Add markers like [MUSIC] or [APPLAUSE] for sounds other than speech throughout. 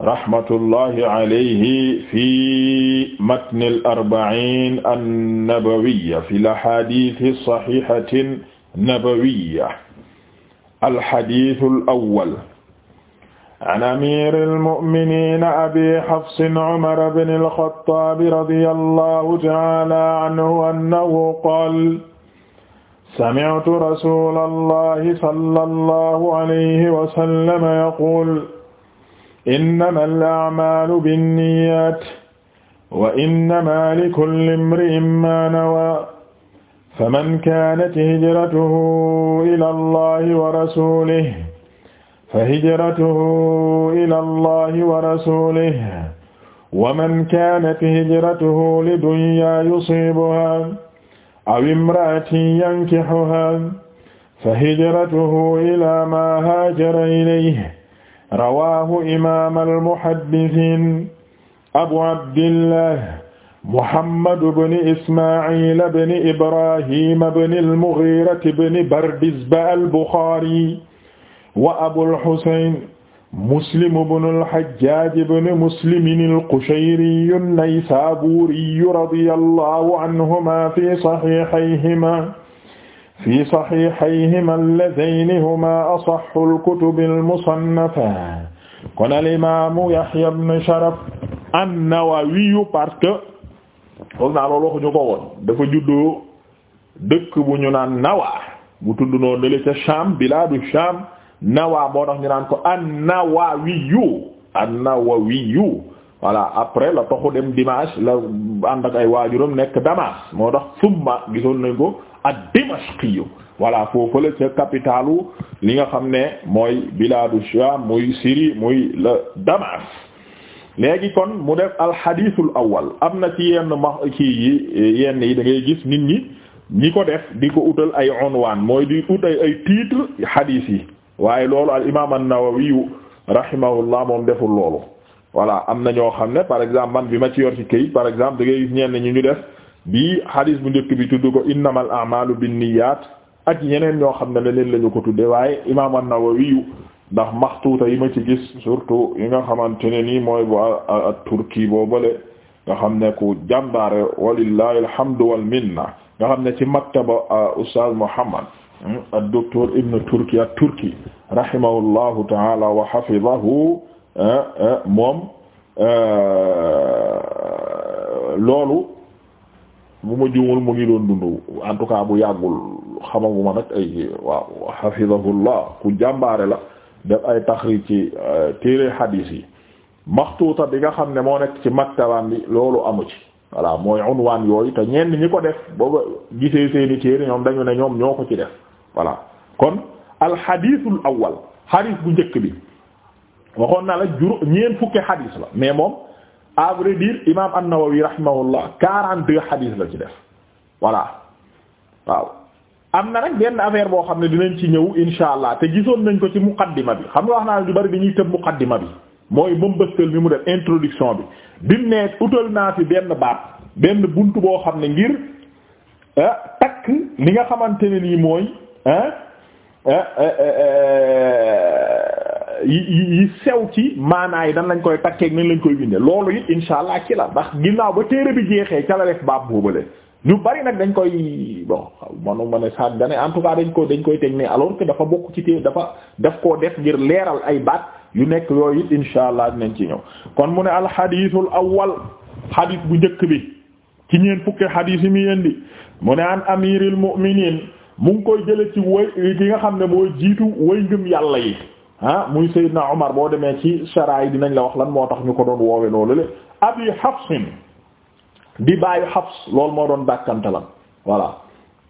rahmatullahi alayhi fi matni al-arba'iin an-nabawiyya fi al-ahaadiisi as-sahiihati an-nabawiyya al-hadiisu al-awwal an amiiri al-mu'miniina abii hafsin umar bni al-xattaabi radiyallaahu ta'aalaa anhu annahu qaala sami'tu rasuulallaahi sallallaahu alayhi wa sallam yaquulu innamal a'maalu binniyaat wa innamaa likulli imri'in maa nawaa faman kaanat hijratuhu ila allahi wa rasuulihi fa hijratuhu ila allahi wa rasuulihi wa man kaanat hijratuhu lidunyaa yusiibuhaa aw imra'atin yankihuhaa fa hijratuhu ilaa maa haajara ilayhi rawaahu imaam al-muhaddisiin abu abdillah muhammad ibn isma'il ibn ibrahim ibn al-mughiira ibn bardizbah al-buxaari wa abul husayn muslim ibn al-hajjaaj ibn muslim al-qushayri an-naysaabuuri radiyallaahu anhumaa fi sahiihayhimaa fi saxiixayhimaa alladayni humaa asaxxu alkutubi almusannafa kon alimaamu Yahya ibn Sharaf an-Nawawi parce que foog naa loolu waxuñu ko woon dafa juddoo dëkk bu ñu naan Nawaa bu tudd noo nele ca Shaam bilaadu Shaam Nawaa moo tax ñu naan ko an-Nawawi an-Nawawi voilà après la toxu dem Dimash la ànd ak ay waajuram nekk Damas moo tax summa gisoon nañ ko ad-Dimashqi voilà foofu la ca capitalu li nga xam ne mooy biladu Sham muy Syrie muy la Damas léegi kon mu def alxadisul awal am na ci yenn ma kii yi yenn yi dangay ngay gis nit ñi ñi ko def di ko utal ay unwaan mooy di ut ay ay titre xadiis yi waaye loolu al imam an-Nawawi rahimahullah moom deful loolu voilà am na ñoo xam ne par exemple man bi ma ci yor ci këyit par exemple da ngay gis ñenn ne ñu def bii hadis bu njëkk bi tudd ko bi a'malu binniyat ak ñeneen ñoo xam ne leneen leen ñu ko tudde waaye imam an-Nawawi ndax maxtuuta yi ma ci gis surtout yi nga xamante ne nii mooy bu turki boobale nga xam ne ku jàmbaare walillahi alhamdu wal minna nga xam ne ci maktaba uh, ustaz Muhammad hmm, ad-docteur Ibn Turki at-Turki rahimahullahu ta'ala wa hafizahu moom euh, loolu bu ma juumul mu ngi doon dund en tout cas bu yàggul xamaguma nag ay waaw hafizahullah ku jàmbaare la def ay taxrij ci euh, téere hadis yi maxtuuta bi nga xam ne moo nekk ci maktabaan bi loolu amu ci voilà mooy unwaan yooyu te ñenn ñi ko def booba gisee seeni téere ñoom dañu ne ñoom ñoo ko ci def voilà kon al hadithul awwal hadith bu njëkk bi waxoon na la juró ñeent fukki xadis la mais moom à vrai dire imam an-Nawawi rahimahullah quarante-deux xadis la ci def voilà waaw am na nag benn affaire boo xam ne dinañ ci ñëw insha allah te gisoon nañ ko ci muqaddima bi xam nga wax naa ne du bari dañuy tëb muqaddima bi mooy bëmbëstal mi mu def introduction bi bimu ne utal naa fi benn baat benn bunt boo xam ne ngir eh, takk li nga xamante ne nii mooy eh, Eh, eh, eh, yi sew ci maanaay dan lañ koy takkee nañ lañ koy bindee loolu it insha allah ci la ndax ginnaaw ba téere bi jeexee ca la def baab boobale ñu bari nag dañ koy bon manu ma ne saat gane en dañ ko dañ koy teg ne alors dafa bokk ci téere dafa def koo def ngir leeral ay baat yu nekk yooyu it insha allah dinañ ci ñëw kon mu ne alxadiisul awwal xadiis bu njëkk bi ci ñeen fukki xadiis yi mu indi mu ne an amiril mu'miniin mu ngi koy jële ci way ki nga xam ne mooy jiitu way ngëm yàlla yi ah muy Seydina Omar boo demee ci shara yi dinañ la wax lan moo tax ñu ko doon woowe loolu le abi Hafsin di baayu Hafs loolu moo doon dàkkantalam voilà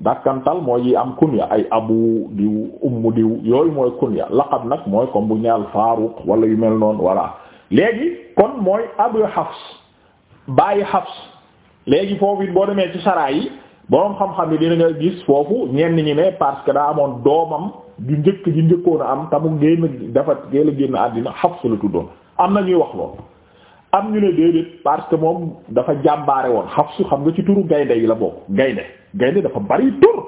dàkkantal mooy yi am kunya ay abu diw ummu diw yooyu mooy kunya laqab nag mooy comme bu ñaal Faaruq wala yu mel noonu voilà léegi kon mooy abi Hafs bàyyi Hafs léegi foofu yi boo demee ci shara yi boroom xam-xam yi dina nga gis foofu ñenn ñi ne parce que daa amoon doomam ju njëkk ju njëkkoon a am tamu génn dafa génn génn àddina Hafsa la tuddoon am na ñuy wax loolu am ñu ne déedéet parce que moom dafa jàmbaare woon Hafsu xam nga ci turu gaynde yi la bokk gaynde gaynde dafa bari tur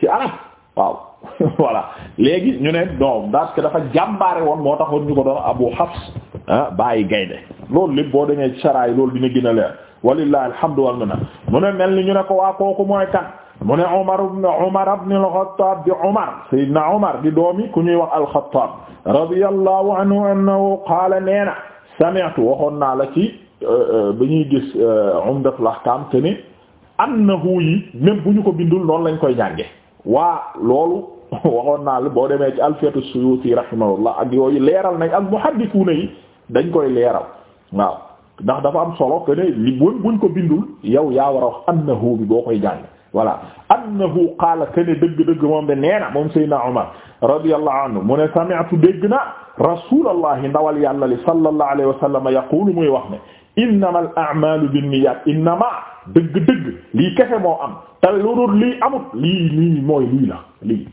ci arab waaw [LAUGHS] voilà léegi ñu ne non parce que dafa jàmbaare woon moo taxoon ñu ko doon Abu Hafs ah bàyyi gaynde loolu lépp boo demee ci saraay loolu dina gën a leer walillahi alhamdu wal minna mu ne mel ni ñu ne ko waa kooku mooy kan mu ne Umar ibn Umar ibn al-Khattab Umar Seydina Umar di doomi ku ñuy wax al-Khattab radiyallahu anhu annahu nee na sami'tu waxoon naa la ci euh, euh, bi ñuy gis euh, Umdatul Ahkam te ni annahu yi même bu ñu ko bindul noonu lañ koy jànge waa loolu [LAUGHS] waxoon naa la boo demee ci Alfiyatu Suyuti rahimahullah ak yooyu leeral na ak muhaddisuuna yi dañ koy leeral waaw ndax dafa am solo que ne li buñ buñ ko bindul yow yaa war a wax annahu boo koy jàng voilà annahu qaala que ne dëgg-dëgg moom de nee na moom Seydina Omar radiyallahu anhu mu ne sami'tu dégg na rasulallahi ndawal yàlla li sallallahu alayhi wa sallam muy wax ne innama dëgg-dëgg lii kese moo am te loolu lii amut lii lii mooy lii la lii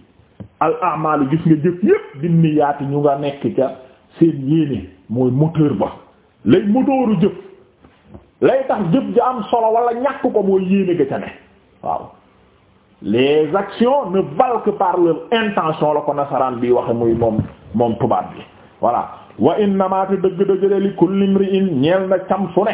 al a'malu gis nga jëf yépp binniyaati ñu seen yéene mooy moteur ba lay motooru jëf lay tax jëf ja am solo wala ñàkk ko mooy yéene ga ca ne waaw les actions ne que par intention la ko nasaraan bi waxe muy moom moom tubaab bi voilà wa innama te dëgg-dëggde li kulli imri'in ñeel na cam ne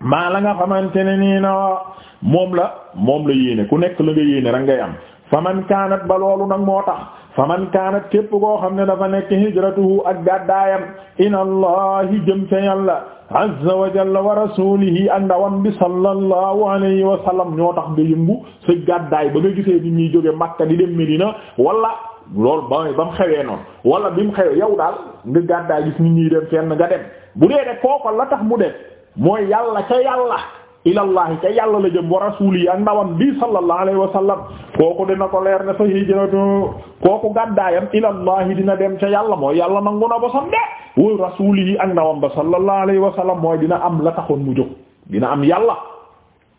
maa la nga xamante ne nii na moom la moom la yéene ku nekk la nga yéene rek ngay am faman ba loolu nag moo tax man kaanat képp koo xam ne dafa nekk hijratuhu ak gàddaayam ila allah jëm ca yàlla azza wa jalla wa rasulihi ak ndawam bi sallallahu alayhi wa sallam ñoo tax nga yëngu sa gàddaay ba nga gisee nit ñuy jóge Makka di dem Medina wala loolu ba ba mu xewee noonu wala bi mu xewee yow daal nga gàddaay gis nit ñuy dem fenn nga dem bu dee de kooku la tax mu dem mooy yàlla ca yàlla ilallahi ca yàlla la jëm wa rasuuli ak ndawam bi sallallahu alayhi wa sallam kooku dina ko leer ne fa hijratu kooku gàddaayam ilallahi dina dem ca yàlla mooy yàlla nangu na ba sam de wa rasuuli ak ndawam ba sallallahu alayhi wa sallam mooy dina am la taxoon mu jóg dina am yàlla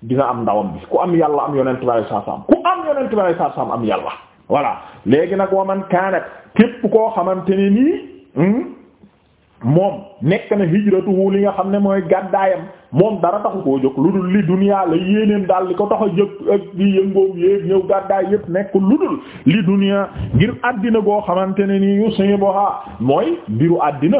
dina am ndawam bi ku am yàlla am yonent bi sallallahu ku am yonent bi sallallahu am yàlla voilà léegi nag wa man kaanat képp koo xamante ne nii hmm, moom nekk na hijratuhu li nga xam ne mooy gàddaayam moom dara taxu koo jóg lu dul li duniyaa la yéenéen daal li ko tax a jëkk ak di yëngoom yéeg ñëw gàddaay yëpp nekk lu dul li duniyaa ngir àddina goo xamante ne nii yu suñu boha mooy mbiru àddina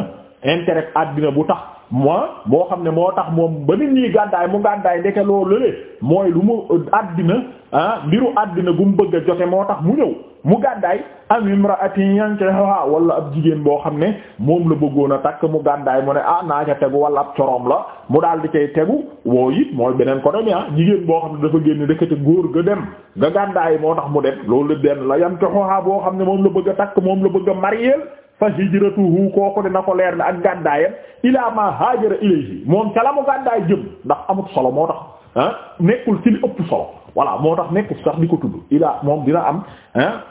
intérêt àddina bu tax moi moo xam ne moo tax moom ba nit ñi gàddaay mu gàddaay ndeke loolu lële mooy lu mu euh, àddina ah mbiru àddina gu mu bëgg a jote moo tax mu ñëw mu gàddaay am imra'atin yankihuha wala ab jigéen boo xam ne moom la bëggoon a takk mu gàddaay mu ne ah naa ca tegu wala ab coroom la mu daal di koy tegu woo it mooy beneen ko dem ah jigéen boo xam ne dafa génn te góor ga dem nga gàddaay moo tax mu dem loolu benn la yankihuha boo xam ne moom la bëgg a takk moom la bëgg a marier fa hijratuhu kooku dina ko leer ne ak gàddaayam ilaa ma haajara ilayhi moom ca la mu gàddaay jëm ndax amut solo moo tax ah nekkul ci li ëpp solo voilà moo tax nekkul sax di ko tudd ilaa moom dina am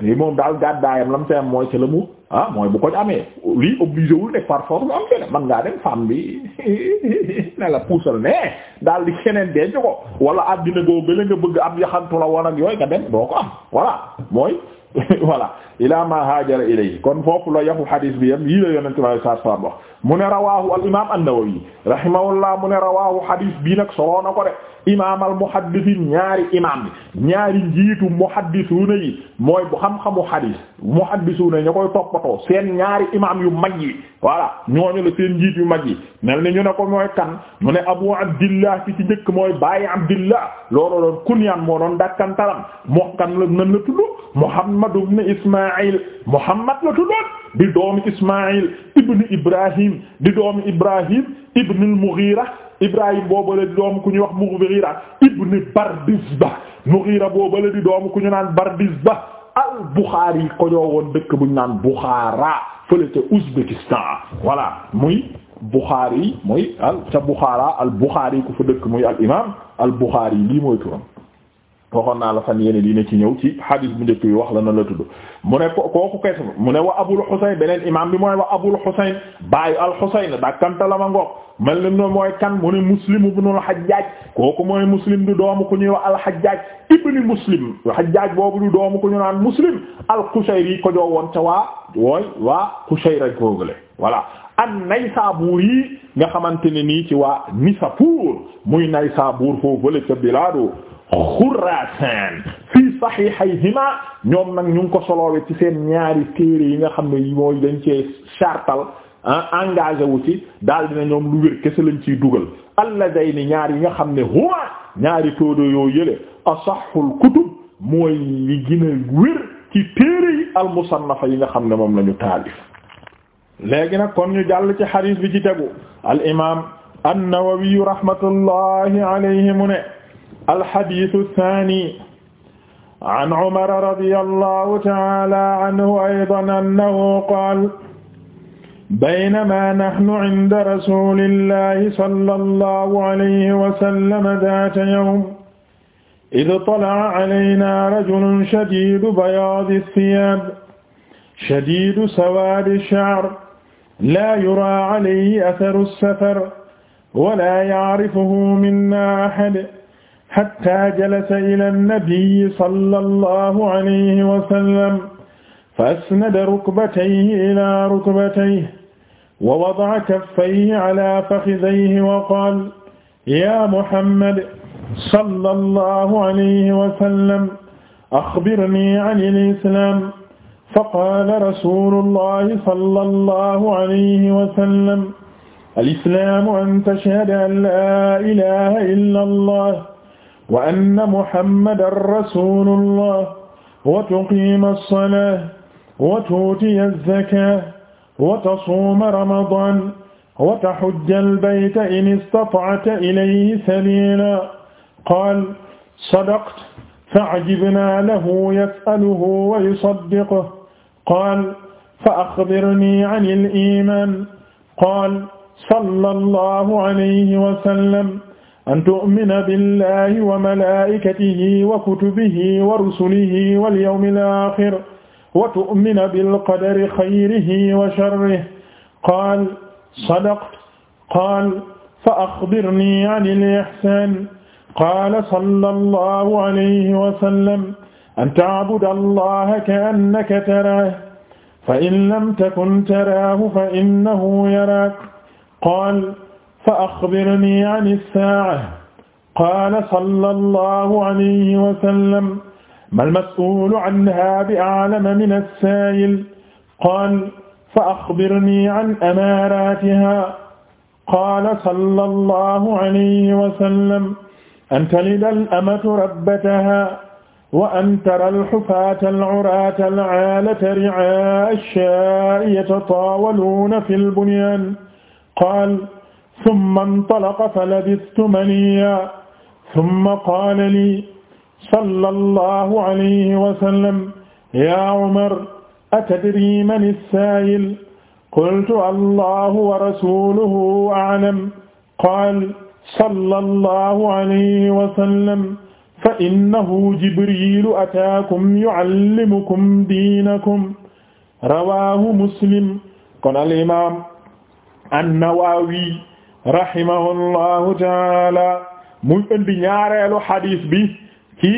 li moom daal gàddaayam la mu am mooy mu ah mooy bu ko amee lii obligé wul nekk par force mu am keneen man ngaa dem femme bi [LAUGHS] ne la puusal ne daal di keneen denc ko wala àddina goo gële nga bëgg am yaxantu la woon ak yooyu nga dem doo ko am voilà mooy. [LAUGHS] voilà ila ma haajara ilay kon foofu la yaxu xadiis bi yam yii la yonente bi alei satu salaam wax mu ne rawaahu al imaam an mu ne rawaahu hadis bii nag soloo na ko de imaam al muhaddisiin ñaari imaam ñaari njiitu muhaddisuuna yi mooy bu xam-xamu hadis muhaddisuuna yi ña koy toppatoo seen ñaari imaam yu mag yi voilà ñooñu la seen njiit yu mag yi mel ni ñu ne ko mooy kan mu ne Abu Abdillah ci ci njëkk mooy Baye Abdillah looloo doon kunyaan moo doon dakkantalam moo kan la nan la tudd Muhammad ibn Ismaïl Muhammad la tuddoon di doomi Ismaïl ibn Ibrahim di doomi Ibrahim ibn al-Mughira Ibrahim boobale di doomu ku ñuy wax Mughira ibn Bardizba Mughira boobale di doomu ku ñu naan Bardizba al-Bukhari ko ñoo woon dëkk bu ñu naan Bukhara fële ca Ouzbékistan voilà muy Bukhari muy al ca Bukhara al-Bukhari ku fa dëkk muy al imam al-Bukhari lii mooy turam waxoon naa la fan yéene dina ci ñëw ci hadith bu njëkk bi wax la na la tudd mu ne kooku kay mu ne wa Abul Husayn beneen imam bi mooy wa Abul Husayn baayu al Husayn dakkanta la ma ngoog mel ni mooy kan mu ne Muslim ibn al Hajjaj kooku mooy Muslim du doomu ku ñuy wax al Hajjaj ibn Muslim Hajjaj boobu du doomu ku ñu naan Muslim al Qushayri ko joo woon ca waa wooy waa Qushayra koogale voilà an Naysabur yi nga xamante ne nii ci waa Nisapur muy Naysabur foofu la ca bilaadu Xuraasaan fii saxiixayhimaa ñoom nag ñu ngi ko soloowe ci seen ñaari téere yi nga xam ne yi mooy dañ cee chartal engagé wu ci daal dina ñoom lu wér kese lañ ciy dugal alladayni ñaar yi nga xam ne huma ñaari tóodo yoo yële asaxul kutub mooy yi gën a wér yi almusannafa yi nga xam ne moom lañu ñu taalif léegi nag kon ñu jàll ci xadiis bi ci tegu al imaam an-Nawawi mu ne alxadisu saani an Umar radiyallahu ta'ala anhu aydan annahu qaala baynamaa nahnu inda rasuulillahi sallallahu alayhi wa sallam zaata yawmin iz tala'a alaynaa rajulun shadiidu bayaadi thiyaab shadiidu sawaadi sha'r laa yuraa alayhi atharu safar wa laa ya'rifuhu minnaa ahad xataa jalasa ila nnabiyi sala allahu alayhi wasallam fa asnada rukbatayhi ila rukbatayhi wa wadaca kaffayhi ala faxidayhi wa qaal ya muhammad sala allahu alayhi wasallam axbirnii an al-islaam fa qaala rasulu allahi sala allahu alayhi wasallam al-islaamu an tashhada an laa ilaha illa allah wa anna muhammadan rasulullah wa tuqiima as-salaata wa tu'tiya az-zakaata wa tasuuma ramadaana wa tahujja al-bayta in istata'ta ilayhi sabiila qaala sadaqta fa'ajabnaa lahu yas'aluhu wa yusaddiquhu qaala فأخبرني عن الإيمان قال صلى الله عليه وسلم an tu'mina billahi wa malaa'ikatihi wa kutubihi wa rusulihi wal yawmil aaxir wa tu'mina bil qadari xayrihi wa sharrihi qaal sadaqta qaal fa axbirnii anil ihsaan qaala sallallahu alayhi wa sallam an ta'buda allaha ka'annaka taraahu fa in lam takun taraahu fa innahu yaraak qaal fa axbirnii an as-saa'a qaala sallallahu alayhi wa sallam mal mas'uulu anhaa bi a'lama min as-saa'il qaala fa axbirnii an amaaraatihaa qaala sallallahu alayhi wa sallam an talida al-amatu rabbatahaa wa an tara al-hufaata al-'uraata al-'aalata ri'aa'a ash-shaa'i yatataawaluuna fil bunyaan qaala summa intalaqa falabistu maniya summa qaala lii sallallahu alayhi wa sallam yaa Umar atadrii mani saa'il qultu allahu wa rasuluhu a'lam qaala sallallahu alayhi wa sallam fa innahu jibriilu ataakum yu'allimukum diinakum rawaahu muslim kon al imaam an-Nawawi rahimahullahu taala muy indi ñaareelu xadis bi ci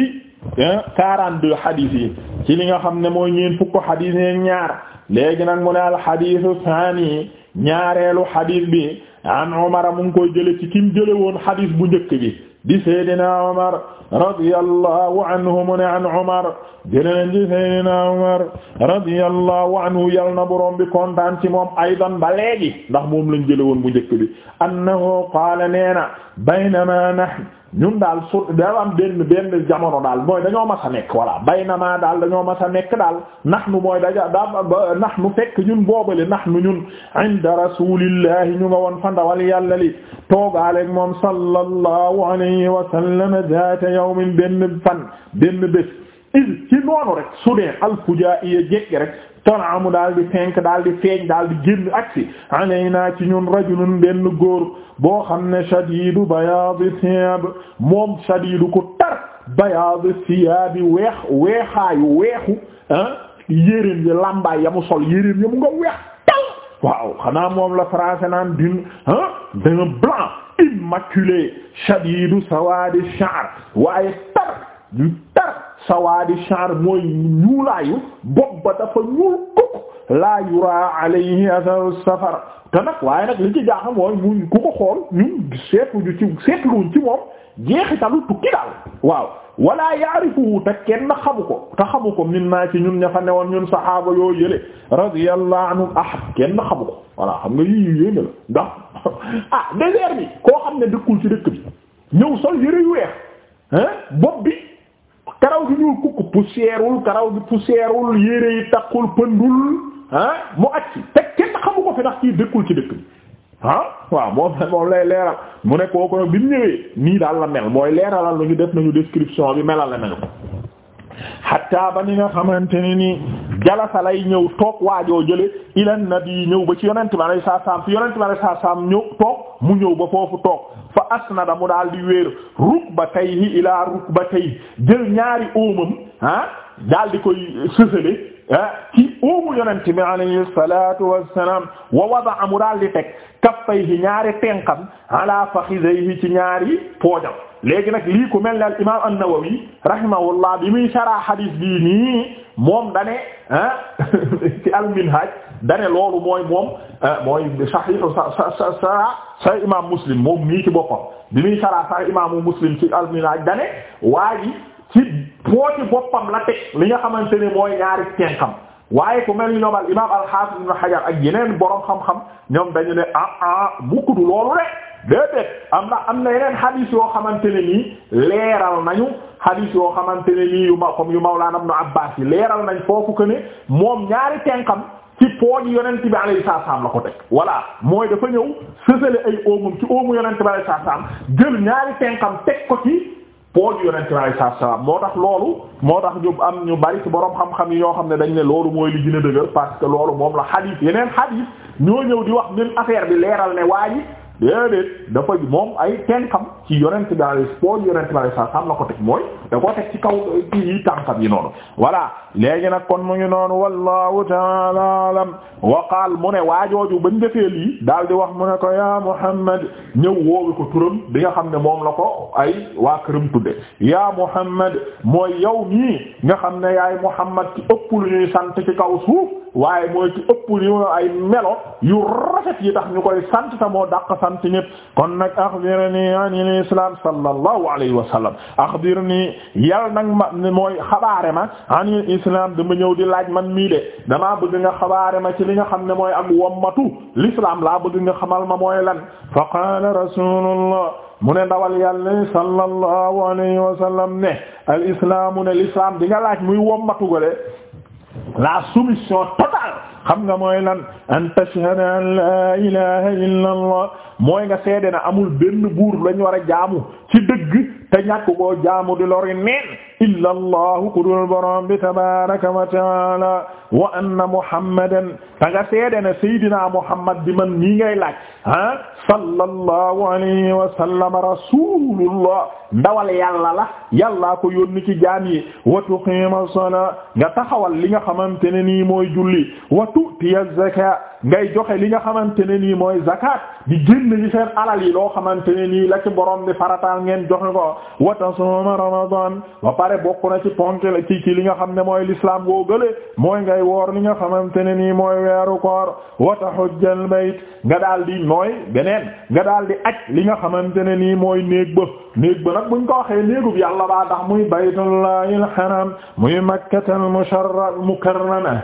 eh, quarante-deux xadis yi ci li nga xam ne mooy ñeen fukk xadis yi ñaar léegi nag mu ne al xadisu saani ñaareelu xadis bi an Umar mu ngi koy jële ci kim jële woon xadis bu njëkk bi di Seydina Umar radiyallahu anhu mu ne an Umar jëlenen ci Seydina Umar radiyallahu anhu yal na borom bi kontaan ci moom aydan ba léegi ndax moom lañ jële woon bu njëkk bi annahu qaala neena baynama nahnu ñun daal su dafa am benn benn jamono daal mooy dañoo mas a nekk voilà baynama daal dañoo mas a nekk daal nahnu mooy daja daa nahnu fekk ñun boobale nahnu ñun inda rasulillahi ñu nga woon fa ndawal yàlla li toogaaleeg moom sallallahu alayhi wa sallam zaata yawmin benn fan benn bés is ci noonu rek su dee alfujaa iya jekki rek tona daal di fenk daal di feeñ daal di génn aksi alayna ci ñun rajulun benn góor boo xam ne shadidu bayaadi siyab moom shadidu ku tar bayaadi siyabi weex weexaayu weexu ah yéreem yi làmbaay yamu sol yamu nga weex tal waaw xanaa moom la français naan dune ah d'un blanc immaculé shadidu sawadi sha'r waaye tar du tar sawaadi sha'r mooy ñuulaayu bopp ba dafa ñuul kukk laa yuraa alayhi atharu safar te waaye nag li ci jaaxam mooy mu ku ko xool ñun seetlu ñu ci seetluñ ci moom jeexitalu tukki daal waaw wala yaarifuhu te kenn xamu ko te xamu ko min naa ci ñun ña fa woon ñun saxaaba yoo yële radiyallahu anhum ahad kenn xamu ko voilà xam nga yii yéene la ndax [LAUGHS] ah désert bi koo xam ne dëkkul ci dëkk bi ñëw sol yëre yu weex hein bopp bi karaw gi ñuul kukk poussièreul karaw gi poussièreul yére yi takkul pëndul ah mu acci te kenn xamu ko fi ndax kii dëkkul ci dëkk bi ah waaw moom la moom lay leeral mu nekk ne ko nag bi mu ñëwee nii daal la mel mooy leeralal ñu def nañu description bi melal la nañu ko xatta ba ni nga xamante ne nii jalasa lay ñëw toog waajoo jële ilan nabi ñëw ba ci yonente bi alay saa saam fi yonente bi alay saa saam mu ñëw ba foofu toog fa asnada mu daal di wéer rukbatayhi ilaa rukbatayhi jël ñaari óomam ah daal di koy sësale ah ci óomu yonente bi alayhi salaatu wassalaam wa wada amu daal di teg kaffayhi ñaari tenqam ala fakhidayhi ci ñaari poojam léegi nag lii ku mel ne al imaam an-Nawawi rahimahullah bi muy saraa xadiis bii nii moom dane ah [LAUGHS] ci al-Minhaj dane loolu mooy moom ah, mooy sa sa sa sa imaam Muslim moom nii ci boppam bi muy saraa sa imaamu Muslim ci al dane waa ci pooci boppam la teg li nga xamante ne mooy ñaari tenqam waaye ku mel ni ñoom al imaam al-Hafiz ibn Hajar ak yeneen boroom xam-xam ñoom dañu ne ah ah bukkudu loolu rek déedéet am na am na yeneen hadith yoo xamante ne nii leeral nañu hadith yoo xamante ne nii yu ma comme yu Mawlana Ibn Abbas yi leeral nañ foofu que ne moom ñaari tenkam ci pooj yonent bi alayhi salaam la ko teg voilà mooy dafa ñëw sësale ay oomam ci oomu yonent bi alayhi salaam jël ñaari tenkam teg ko ci. pooj yonent bi alayhi salaatu salaam moo tax loolu moo tax ñu am ñu bari ci boroom xam-xam yi ñoo xam ne dañ ne loolu mooy li gën a dëgër parce que loolu moom la xadiis yeneen xadiis ñoo ñëw di wax même affaire bi leeral ne waa ji déedéet dafa moom ay tànkam ci yonent bi alayhi pooj yonent bi alayhi salaam la ko teg mooy da ko teg yi tànkam yi noonu léegi nag kon mu ngi noonu wallahu ta'ala alam wa qaal mu ne waajooju bañ defee lii daal di wax mu ne ko ya Muhammad ñëw woowe ko turam bi nga xam ne moom la ko ay waa këram tudde ya Muhammad mooy yow mii nga xam ne yaay Muhammad ci ëpp lu ñuy sant ci kaw suuf waaye mooy ci ëpp lu ay melo yu rafet yi tax ñu koy sant ta moo dàq sant islam kon nag axbirni anil islam sallallahu alayhi wa sallam axbirni yal nag ma mooy xabaare ma anil islam dama ñëw di laaj man mii de damaa bëgg nga xabaare ma ci li nga xam ne mooy ak wommatu l'islam laa bëgg nga xamal ma mooy lan fa qaala rasulullah mu ne ndawal yàlla sallallahu alayhi wa sallam ne al islamu ne l'islam di nga laaj muy wommatu gole la soumission totale xam nga mooy lan an tashhada an la ilaha illa allah mooy nga seede na amul benn buur lañ war a jaamu ci dëgg te ñàkk koo jaamu di lori neen illa allahu ku dul borom bi tabaraka wa taala wa anna muhammadan ta nga seede ne saydina muhammad bi man mii ngay laaj ah sallallahu alayhi wa sallam rasulullah ndawal yàlla la yàllaa ko yónni ci jaam yi wa tuqima salaa nga taxawal li nga xamante ne nii mooy julli wa tu'tiya zakat ngay joxe li nga xamante ne nii mooy zakat di génn ci seen alal yi loo xamante ne nii la ci borom bi farataal ngeen joxe ko wa tasuma ramadan ba pare bokk na ci ponk ci ci li nga xam ne mooy l'islam boo gële mooy ngay woor li nga xamante ne nii mooy weeru koor wa tahujjal bayt nga daal di mooy beneen nga daal di aj li nga xamante ne nii mooy néeg ba néeg ba nag buñ ko waxee néegub yàlla baa tax muy baytullahil haram muy makkatal musharraf mukarrama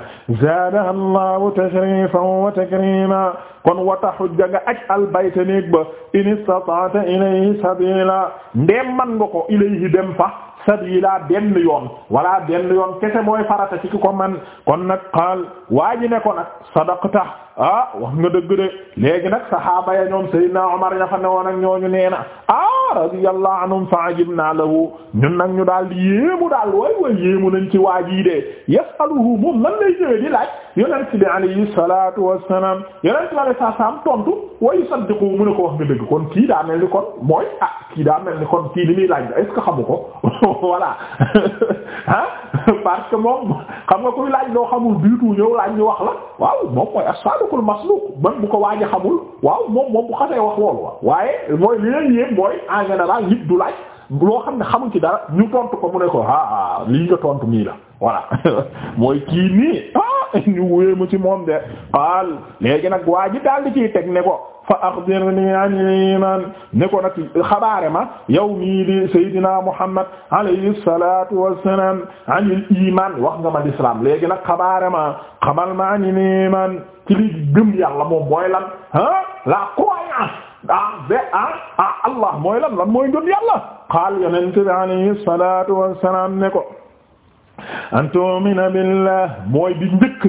zaadaha allahu tashrifan wa takrima kon wata xujja nga aj albayta néeg ba in istata'ta ilayhi sabila ndeem man nga ko ilayhi dem fa sabila benn yoon wala benn yoon kese mooy farata ci ko man kon nag qaal waa ji ne ko nag sadaqta ah wax nga dëgg de léegi nag saxaaba ya ñoom Seydina Omar ña fa newoon nee na ah radiyallahu anhum fa ajibna lahu ñun nag ñu daal yéemu daal way way yéemu nañ ci waa jii de yasaluhu moom lan lay ñëwee di laaj yonent bi alayhi salatu wassalam yonent bi alayhi salaam tontu wa yusaddiqu mu ne ko wax nga dëgg kon kii daa mel ni kon mooy ah kii daa mel ni kon kii li muy laaj est-ce xamu ko [LAUGHS] voilà [LAUGHS] ah [LAUGHS] parce que moom xam nga kuy laaj loo xamul biitu ñëw laaj ñu wax la waaw moom mooy as-sadiqul masduq ban bu ko waaji xamul waaw moom moom bu xasee wax loolu wa waaye mooy li leen yéen mooy en général nit du laaj loo xam ne xamul ci dara ñu tontu ko mu ne ko ah ah lii nga tontu nii la. voilà [LAUGHS] mooy kii nii ah ñu wéemu ci moom de qaal léegi nag waa ji daal di ciy teg ne ko fa axbirni an iman ne ko nag xabaare ma yow mii di saydina muhammad alayhi salatu wassalam anil iman wax nga ma l'islam léegi nag xabaare ma xamal ma anil iman ci li gëm yàlla moom mooy la croyance ah be ah allah mooy lan lan mooy gëm qaal yonente bi alayhi salatu wassalam an tu'mina billah mooy bi njëkk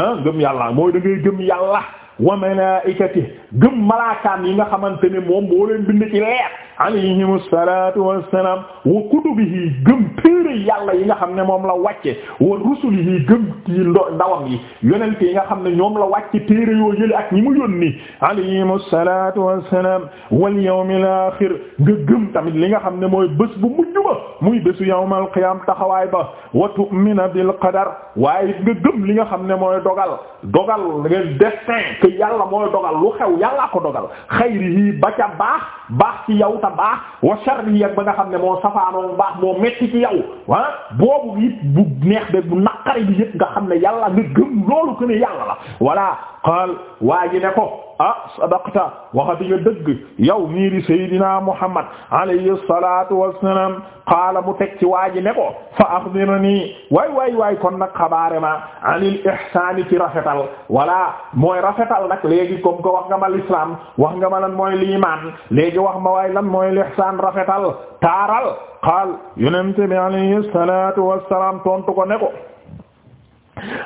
ah ngëm yàlla mooy da ngay gëm yàlla wa malaa'ikatihi gëm malaakaam yi nga xamante ne moom moo leen bind ci leer alayhimu salaatu wassalaam wa kutubihi gëm téere yàlla yi nga xam ne moom la wàcce wa rusulihi gëm ci ndawam yi yonent yi nga xam ne ñoom la wàcce téere yoo yële ak ñi mu yónni alayhimu salaatu wassalaam wal yawmil aaxir nga gëm tamit li nga xam ne mooy bés bu mujj ba muy bésu yawmal qiyaam taxawaay ba wa tu'mina bil qadar waaye nga gëm li nga xam ne mooy dogal dogal le destin que yàlla mooy dogal lu xew yàllaa ko dogal xayrihi ba ca baax baax ci yow ta baax wa sharrihi ba nga xam ne moo safaanoo baax moo metti ci yow ah boobu it bu neex de bu naqari bi yëpp nga xam ne yàlla nga gëm loolu que ne la voilà qaal waa ji ne ko ah sadaqta waxati nga dëgg yow mii di saydina muhammad alayhi salatu wassalam qaala mu teg ci waa ji ne ko fa axbirnii waay waay waay kon nag xabaare ma anil ihsaani ci rafetal wala mooy rafetal nag léegi comme que wax nga ma l'islam wax nga ma lan mooy liimaan léegi wax ma waay lan mooy l'ihsaan rafetal taaral qaal yonente bi alayhi salatu wassalam tontu ko ne ko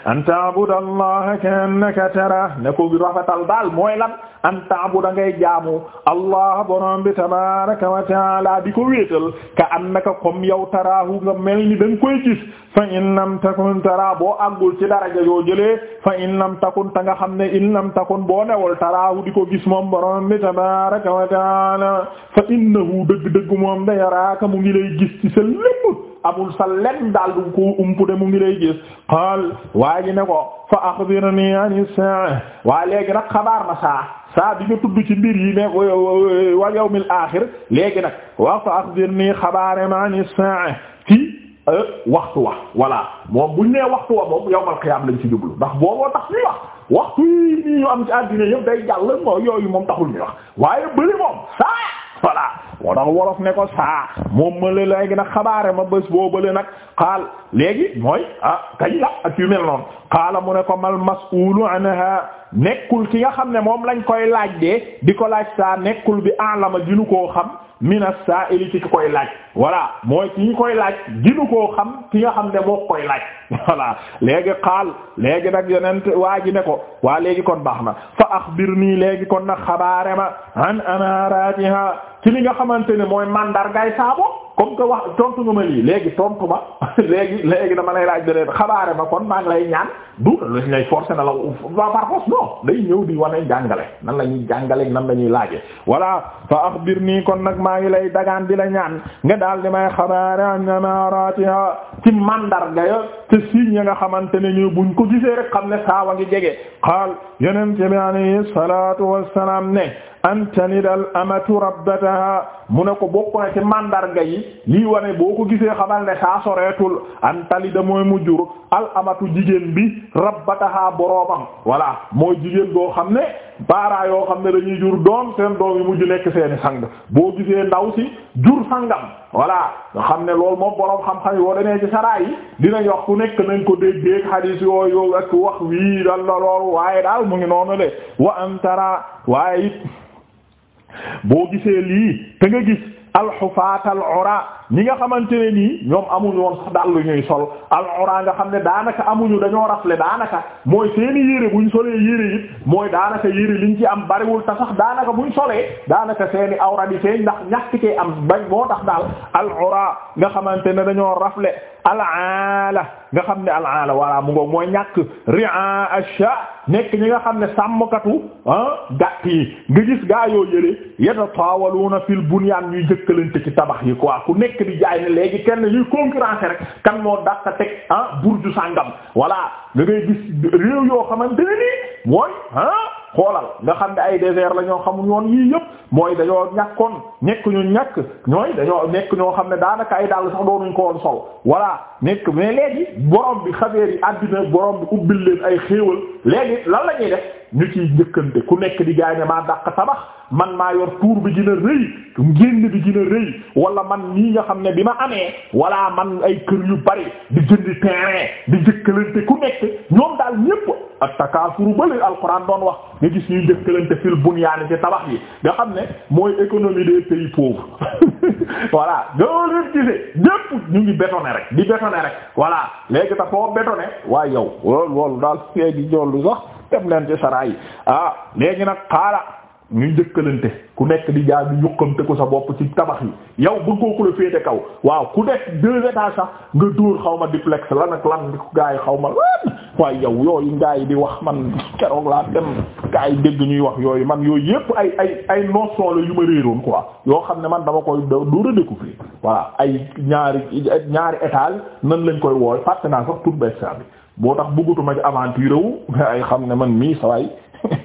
an ta'budu allaha ka'annaka tara ne ko rafetal daal mooy lan an ta'buda ngay jaamu allah borom bi wa taala di ko wéetal ka'annaka comme yow taraahu nga mel ni koy gis fa in lam takun nga xam ne in di ko gis moom borom bi wa taala fa innahu dëgg-dëgg moom da yaraaka mu ngi lay gis ci sa lépp amul sa lenn daal du ko umpude mu ngi lay gis qaal waa ji ne ko fa axbirni ani saa waa léegi nag xabaar ma saa saa bi nga tudd ci mbir yi ne wa yawmil aaxir léegi nag wa fa axbirni xabaare ma ani saa ci euh, waxtu wa voilà moom buñ nee waxtu wa moom yawmal qiyaam lañ ci jublu ndax booboo tax ñuy wax waxtu yi nii ñu am ci àddina yëpp day jàll moo yooyu moom taxul ñuy wax waaye bëli moom saa voilà moo tax wolof ne ko saa moom ma la léegi nag xabaare ma bés boobale nag xaal léegi mooy ah kañ la ak yu mel noonu xaala mu ne ko mal mas'uulu anha nekkul ki nga xam ne moom lañ koy laaj de di ko laaj saa nekkul bi a'lama dinu koo xam mina saa'ili ci ki koy laaj voilà mooy ki koy laaj ginu koo xam ki nga xam ne moo koy laaj [LAUGHS] voilà léegi xaal léegi nag yonent waa ji ne ko waa léegi kon baax na fa axbirnii léegi kon nag xabaare ma an amaaratiha ci li nga xamante ne mooy mandargaay saabo comme que wax tontu nga ma lii léegi tontu ma [LAUGHS] léegi léegi dama lay laaj beneen xabaare ma kon maa ngi lay ñaan du lañ lay forcer na la par force non day ñëw di wane jàngale nan la ñuy jàngale nan la ñuy laaje voilà fa axbir nii kon nag maa ngi lay dagaan di la ñaan nga daal di may xabaare an amaratiha ci mandarga ya te signe ya nga xamante ne ñu buñ ko gisee rek xam ne saawa ngi jege xaal yeneen ci bi alayhi salatu wassalam ne an tanid al amatu rabbataha mu ne ko bokk na ci mandarga yi lii wane boo ko gisee xamal ne saa soreetul an talida mooy mu jur al amatu jigéen bi rabbataha boroomam voilà mooy jigéen boo xam ne baara yoo xam ne dañuy jur doom seen doom yi mujj nekk seeni sang boo gisee ndaw si jur sangam voilà nga xam ne loolu moom boroom xam-xam yi woo demee ci saraa yi dina yox ku nekk nañ ko dégg xadiis yooyu ak wax wii dal la loolu waaye daal mu ngi noonu le wa antara waaye it boo gisee lii te nga gis alxufaat al ora ñi nga xamante ne nii ñoom amuñu woon sax daal lu ñuy sol al nga xam ne daanaka amuñu dañoo rafle daanaka mooy seeni yére ñu solee yére it mooy daanaka yére liñ ci am bariwul ta sax daanaka buñ solee daanaka seeni awra di feeñ ndax ñàkk ci am bañ boo tax daal al ora nga xamante ne dañoo rafle al ala nga xam ne alaala wala mu ngoog mooy ñàkk ria asha nekk ñi nga xam ne sàmmkatu ah gàtt yi nga gis gaa yoo yëlee yatatawaluna fil bunyan ñuy jëkkalante ci tabax yi quoi ku nekk di jaay ne léegi kenn ñuy concurrence rek kan moo dàq teg ah burju sàngam voilà nga ngay gis réew yoo xamante ne nii mooy ah, xoolal nga xam ne ay désert la ñoo xamuñ woon yii yëpp mooy dañoo ñàkkoon nekk ñu ñàkk ñooy dañoo nekk ñoo xam ne daanaka ay dàll sax doonuñ ko woon sol voilà nekk mais léegi borom bi xabeer yi àddina borom bi ubbil leen ay xéewal léegi lan la ñuy def ñu ciy njëkkante ku nekk di gaay ne maa dàq tabax man maa yor tuur bi gën a rëy génn bi wala man nii nga xam ne bi ma amee wala man ay kër yu bari di jëndi terrain di jëkkalante ku nekk ñoom daal ñépp ak takaasuru bale alxuraan doon wax nga gis ñuy jëkkalante fil bunyaani ci tabax yi nga xam ne mooy économie des pays pauvres [LAUGHS] voilà goo leen gisee ñépp ñu ngi bétonné rek di bétonné rek voilà léegi tax foo bétonné waaye yow loolu loolu daal léegi joolu sax dem leen ci saraay ah léegi nag xaala ñuy jëkkalante ku nekk di jaar di yuqamte ko sa bopp ci tabax yi yow bëggoo ko la féete kaw waaw ku nekk deux étages sax nga dóor xaw ma duplex lan ak lan gaa yi xaw ma lan waaye yow yooyu gaa di wax man keroog laa dem gaa yi dégg ñuy wax yooyu man yooyu yépp ay ay ay notion la yu ma réeroon quoi yoo xam ne man dama koy dóor a découvrir voilà ay ñaari ñaari étage nan lañ koy wooy fàtte naa sax tout besa bi boo tax bëggatuma ci aventure wu [LAUGHS] ay xam ne man mii saway [LAUGHS]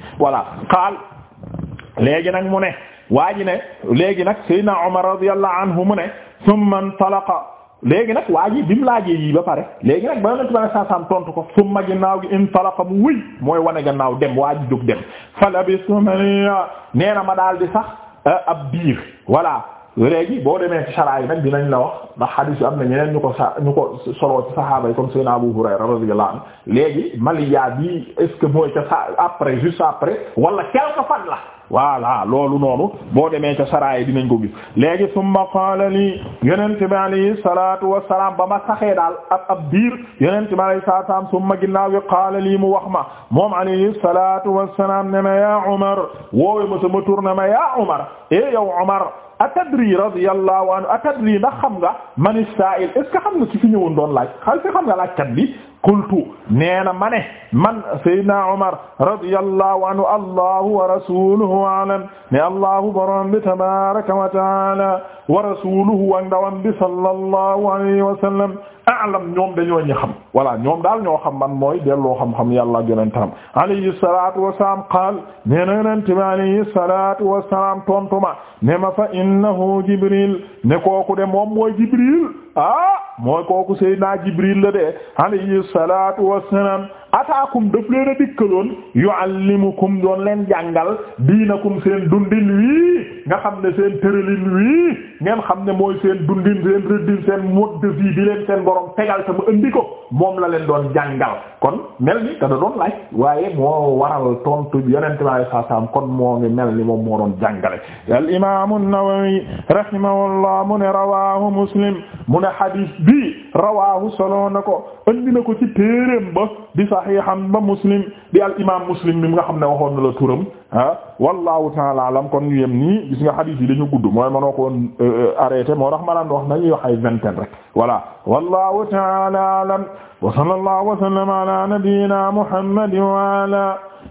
léegi nag mu ne waa ji ne léegi nag Seydina Omar radiyallahu anhu mu ne summa intalaqa léegi nag waa ji bi mu laajee yii ba pare léegi nag ba yonent ba saa saam tontu ko mu wuy mooy wane gannaaw dem waa ji jóg dem falabistu maniya nee na ma daal di sax eh, ab biir voilà léegi boo demee ci saraay nag dinañ la wax ndax si am na ñeneen ñu ko sa ñu ko soloo ci saxaaba yi comme Seydina Abu Hurayra radiyallahu anhu léegi maliya bi est ce que mooy ca sa après juste après wala quelque fan la voilà loolu noonu boo demee ca saraay dinañ ko gis léegi summa qaala lii yonent bi alayhi salaatu wassalaam ba ma saxee daal ab ab biir yonent bi alayhi salaatu wassalaam summa ginnaaw yi qaala lii mu wax ma moom alayhi salaatu wassalaam ne ma yaa Umar woowe ma sama tur ne ma Umar e yow Umar atadri radiyallahu anhu atadri ndax xam nga man as-sa'il est ce que xam nga ci fi ñëwoon doon laaj xal fi xam nga laajkat bi qultu nee na ma ne man sayyidina Umar radiyallahu anhu allahu wa rasuluhu a'lam ne allahu borom bi tabaraka wa ta'ala wa rasuluhu wa ndawam bi sallallahu alayhi wa sallam a'lam ñoom dañoo ñu xam voilà ñoom daal ñoo xam man mooy delloo xam-xam yàlla ak yonentam alayhi salatu wasalaam qaal nee na yonente bi alayhi salatu wasalaam tontuma ne ma fa innahu jibril ne kooku de moom mooy jibril ah mooy kooku seydina jibril la de alayhi salatu wasalaam ataakum daf leen a dikkaloon yuallimukum doon leen jàngal diinakum seen dundin wi nga xam ne seen tëralin wii ngeen xam ne mooy seen dundin seen rëddin seen mode de vie bi leen seen boroom tegal te mu indi ko moom la leen doon jàngal kon mel ni te doon laaj waaye moo waral tontu yonent bi saa saam kon moo ngi mel ni moom moo doon jàngale al imam an-Nawawi rahimahullah mu ne rawahu muslim mu ne hadis bi rawahu solo na ko andi na ko ci téereem ba di sahiham ba muslim di al imam muslim mi nga xam ne waxoon na la turam ah wallahu taala alam kon ñu yem nii gis nga hadith yi dañu gudd mooy mënoo ko woon euh, euh, arrêté moo tax ma daan wax nañuy wax ay vingtaine rek voilà wallahu taala alam wa sallallahu wa sallama ala nabiyyina muhammad wa ala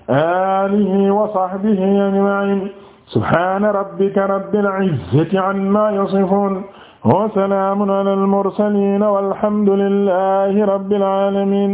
alihi wa sahbihi ajma'in subhana rabbika rabbil izzati amma yasifun wa salamun ala al mursalin walhamdulillahi rabbil alamin